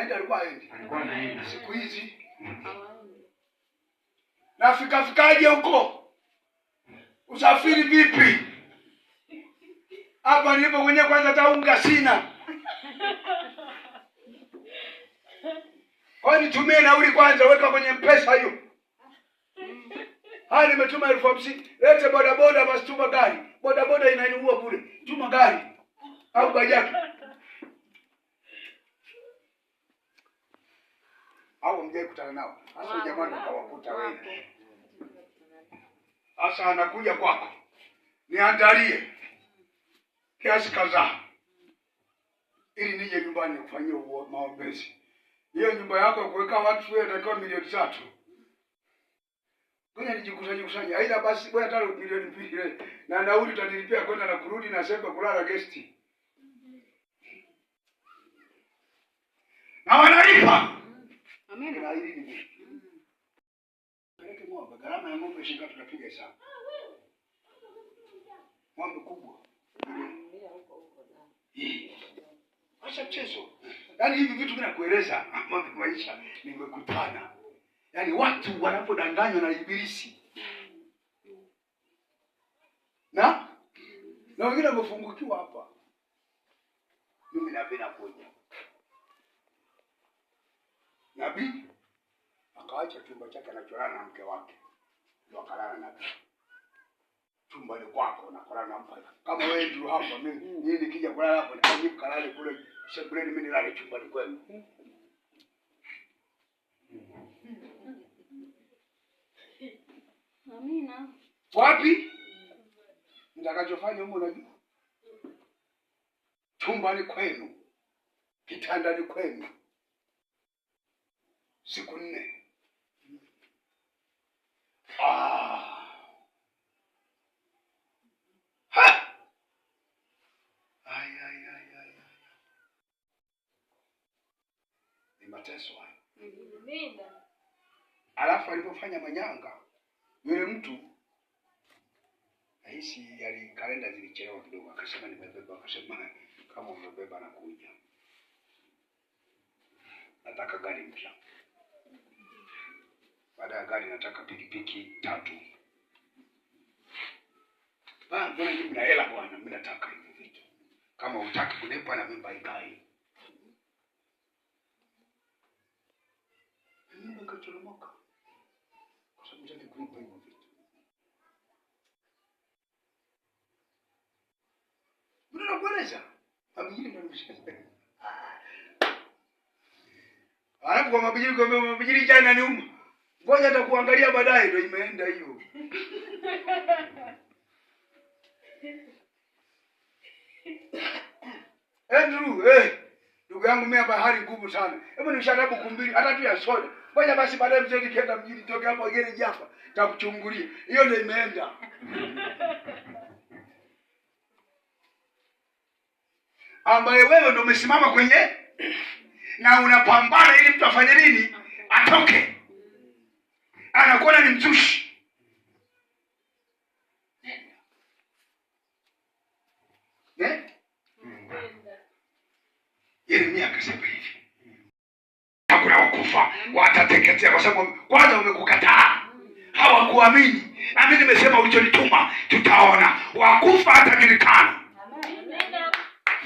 aende alikuwa aende, alikuwa anaenda. Siku hizi nafika fikaje huko? Usafiri vipi? Hapa nilipo kwenye kwanza taunga sina. Kwa nitumie nauli kwanza, weka kwenye mpesa hiyo. Haya, nimetuma elfu hamsini. Lete bodaboda, basi tuma gari. Bodaboda inaniua kule tuma gari au bajaki kutana nao hasa jamani, ndo wewe wengi. Hasa anakuja kwako, niandalie kiasi kadhaa ili nije nyumbani kufanyia maombezi. Hiyo nyumba yako kuweka watu wewe natakiwa milioni tatu. Ngoja nijikusanye kusanye. Aidha basi bwana tano milioni mbili na nauli utanilipia kwenda na kurudi na sembe kulala gesti. Na wanalipa. Amina. Na hili ni Peleke ng'ombe, gharama ya ng'ombe shingapi tunapiga hesabu? Ah, ng'ombe kubwa. Ah, Acha mchezo. Yaani hivi vitu vinakueleza mambo kwa maisha nimekutana. Yaani watu wanapodanganywa na ibilisi. Na na wengine wamefungukiwa hapa. Mimi na vinakuja. Nabii akaacha chumba chake anacholala na mke wake, ndio akalala nabii chumba ni kwako, na kulala na mpa kama wewe ndio hapa. Mimi mimi kija kulala hapo, ni nikija kulala kule sebuleni, mimi nilale chumba ni kwenu. Amina. Wapi? Nitakachofanya huko Chumba ni kwenu. Kitanda ni kwenu siku nne. Ah. Ha! Ni mateso hayo. Alafu alipofanya manyanga yule mtu nahisi yali kalenda zilichelewa kidogo, akasema nimebeba, akasema kama umebeba nakuja, nataka gari mpya baada ya gari nataka pikipiki tatu. Bwana, mbona ni mna hela bwana, mimi nataka hivyo vitu. Kama hutaki kunipa na mimi baibai. Mimi nikachoromoka. Kwa sababu sitaki kunipa hivyo vitu. Mbona kueleza? Mimi ndio nimeshaanza. Ah. Alafu kwa mabijiri kwa mabijiri jana niuma ngoja atakuangalia baadaye, ndio imeenda hiyo. Andrew, eh, ndugu yangu mimi hapa hali ngumu sana. Hebu nisharabu kumbili hata tu ya soda. Ngoja basi baadaye mzee nikienda mjini toke hapo gere japa takuchungulia. Hiyo ndio imeenda. ambaye wewe ndio umesimama kwenye na unapambana ili mtu afanye nini? Atoke anakuona ni mzushi. Eh? Eh? Yeremia akasema hivi, watateketea, kwa sababu kwanza hawakuamini. nimesema ulichonituma tutaona, wakufa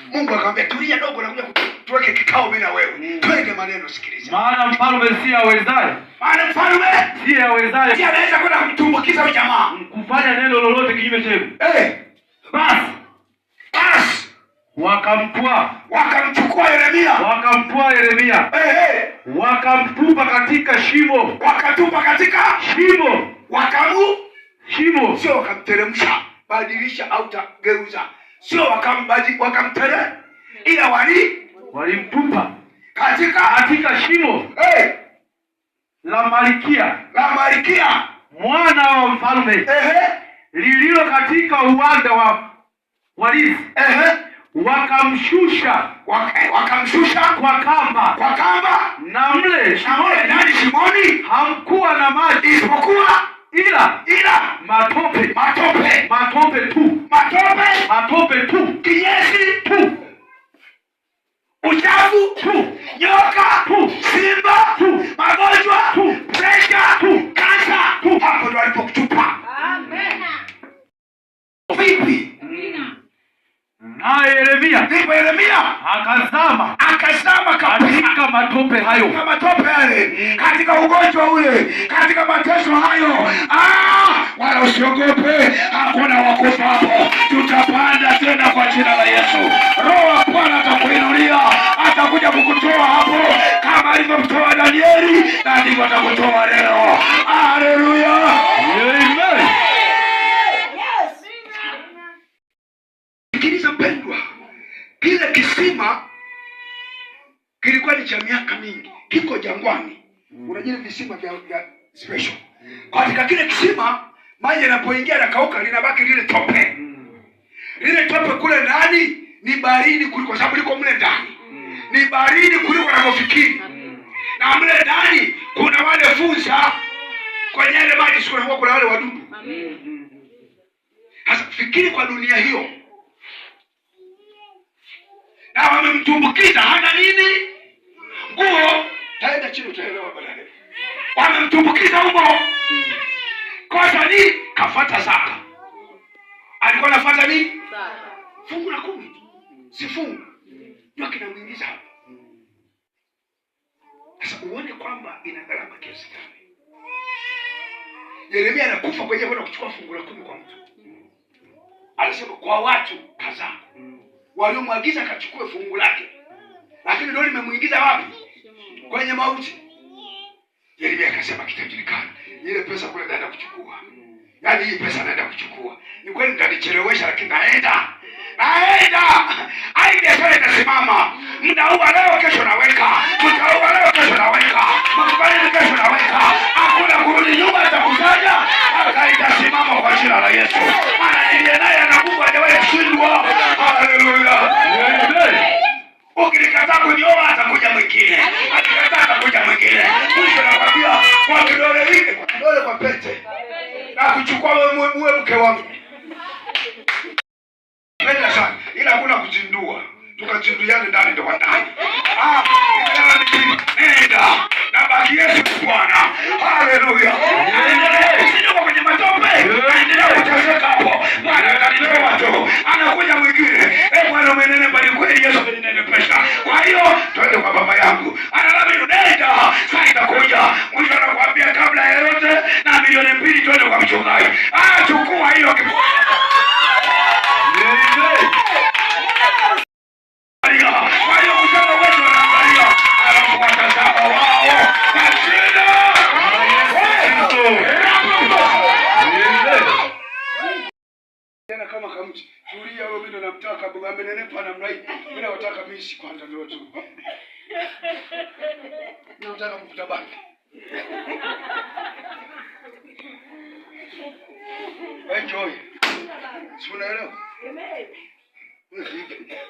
Mungu akamwambia tulia dogo, nakuja tuweke kikao mimi na wewe mm. Twende maneno, sikiliza, maana mfalme si awezaye, maana mfalme si awezaye, si anaweza kwenda kumtumbukiza jamaa mm, kufanya neno lolote kinyume cha hey. Eh. Basi basi wakamtwaa wakamchukua Yeremia wakamtwaa Yeremia hey, eh, eh. hey. Wakamtupa katika shimo wakatupa katika shimo wakamu shimo sio wakamteremsha, badilisha au tageuza, sio wakambaji wakamtere, ila wali walimtupa katika katika shimo hey, la malikia la malikia mwana wa mfalme ehe, lililo katika uwanda wa walizi ehe, wakamshusha wakamshusha kwa kamba kwa kamba, na mle ndani shimoni hamkuwa na maji isipokuwa ila ila matope matope matope tu matope matope tu kinyesi tu uchafu tu, nyoka tu, simba tu, magonjwa tu, presha tu, kansa tu. Hapo ndo alipokutupa. Amen. Vipi Amina. na Yeremia, ndipo Yeremia akazama matope hayo, katika matope yale, katika ugonjwa ule, katika mateso hayo. Ah, wala usiogope, hakuna wakufa hapo, tutapanda tena kwa jina la Yesu. Roho wa Bwana atakuinulia, atakuja kukutoa hapo, kama alivyomtoa Danieli na ndivyo atakutoa leo. unajua visima vya, vya special katika kile kisima maji yanapoingia yanakauka, linabaki lile tope. Lile tope kule ndani ni baridi kuliko, sababu liko mle ndani ni baridi kuliko unavyofikiri, na mle ndani kuna wale funza kwenye ile maji, sikunakuwa kuna wale wadudu. Sasa fikiri kwa dunia hiyo, na wamemtumbukiza hana nini nguo chini, utaelewa baadaye. Wamemtumbukiza huko kwanza, ni kafata zaka. Alikuwa anafuata nini? Fungu la kumi. Si fungu. Ndio kinamuingiza hapo. Sasa uone kwamba ina gharama kiasi gani. Yeremia anakufa kwenye kwenda kuchukua fungu la kumi kwa mtu. Anasema kwa watu kadhaa. Waliomwagiza akachukue fungu lake. Lakini ndio limemuingiza wapi? kwenye mauti. Yeremia akasema kitajulikana, ile pesa kule naenda kuchukua, yaani hii pesa naenda kuchukua. Ni kweli nitanichelewesha, lakini naenda, naenda, aidepele nasimama uniolewike kwa kidole, kwa pete na kuchukua wewe muwe mke wangu. Penda sana, ila hakuna kuzindua, tukazinduane ndani ndo ndani. Ah, nenda na baki Yesu Bwana, haleluya. Endelea kwenye matope, endelea kuteseka hapo, maana atanipewa tu mvuta bangi. Enjoy. Si unaelewa?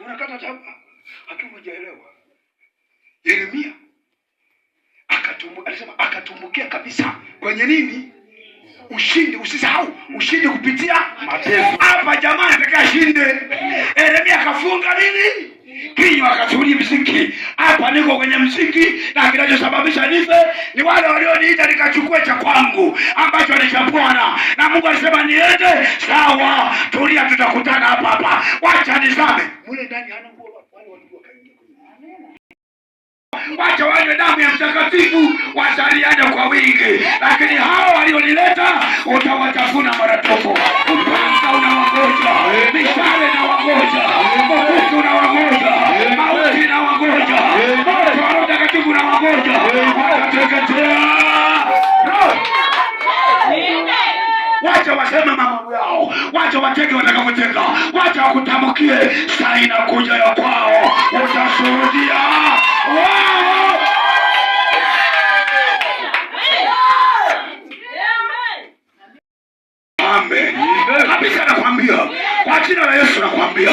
Unakata tamaa akiwa Yeremia akatumbu, alisema akatumbukia kabisa kwenye nini? Ushindi. Usisahau ushindi kupitia mateso. Hapa jamaa anataka ashinde. Yeremia akafunga nini? kinywa akasubiri mziki. Hapa niko kwenye mziki, na kinachosababisha nife ni wale walioniita nikachukue cha kwangu ambacho ni cha Bwana, na Mungu alisema niende. Sawa, tulia, tutakutana hapa hapa. Wacha nizame mule ndani, Wacha wanywe damu ya mtakatifu, wazaliane kwa wingi, lakini hao walionileta utawatafuna mara Upanga unawangoja. wacha wacheke watakapocheka, wacha wakutambukie. Saa inakuja ya kwao, utashuhudia wao. kabisa, nakwambia kwa jina la Yesu nakwambia,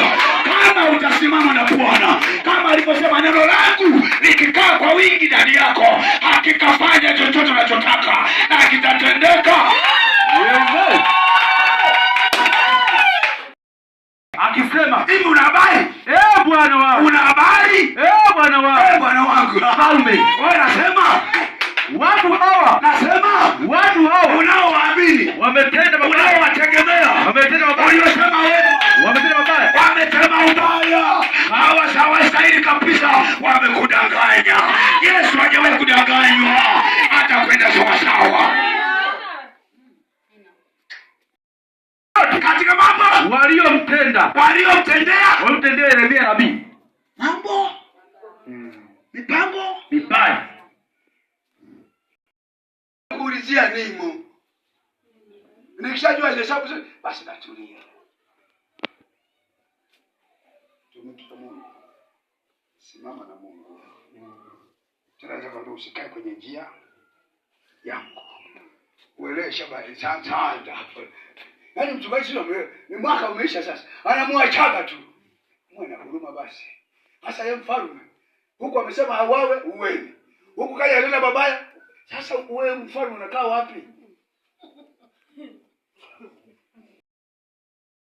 kama utasimama na Bwana kama alivyosema, neno langu likikaa kwa wingi ndani yako, hakikafanya chochote unachotaka na kitatendeka. kabisa wamekudanganya. Yesu hajawahi kudanganywa, hata kwenda sawasawa katika mambo waliomtenda waliomtendea wamtendea Yeremia nabii mambo hmm. mipango mibaya kuulizia nimo nikishajua hesabu basi natulia simama na Mungu. Tena nakwambia usikae kwenye njia yangu, uelewe shaba sasa. Yaani mchungaji ni mwaka umeisha sasa, anamwachaga tu. Mwe na huruma basi. Sasa yeye mfalme huko amesema awawe uweni huku kaja tena babaya. Sasa wewe mfalme unakaa wapi?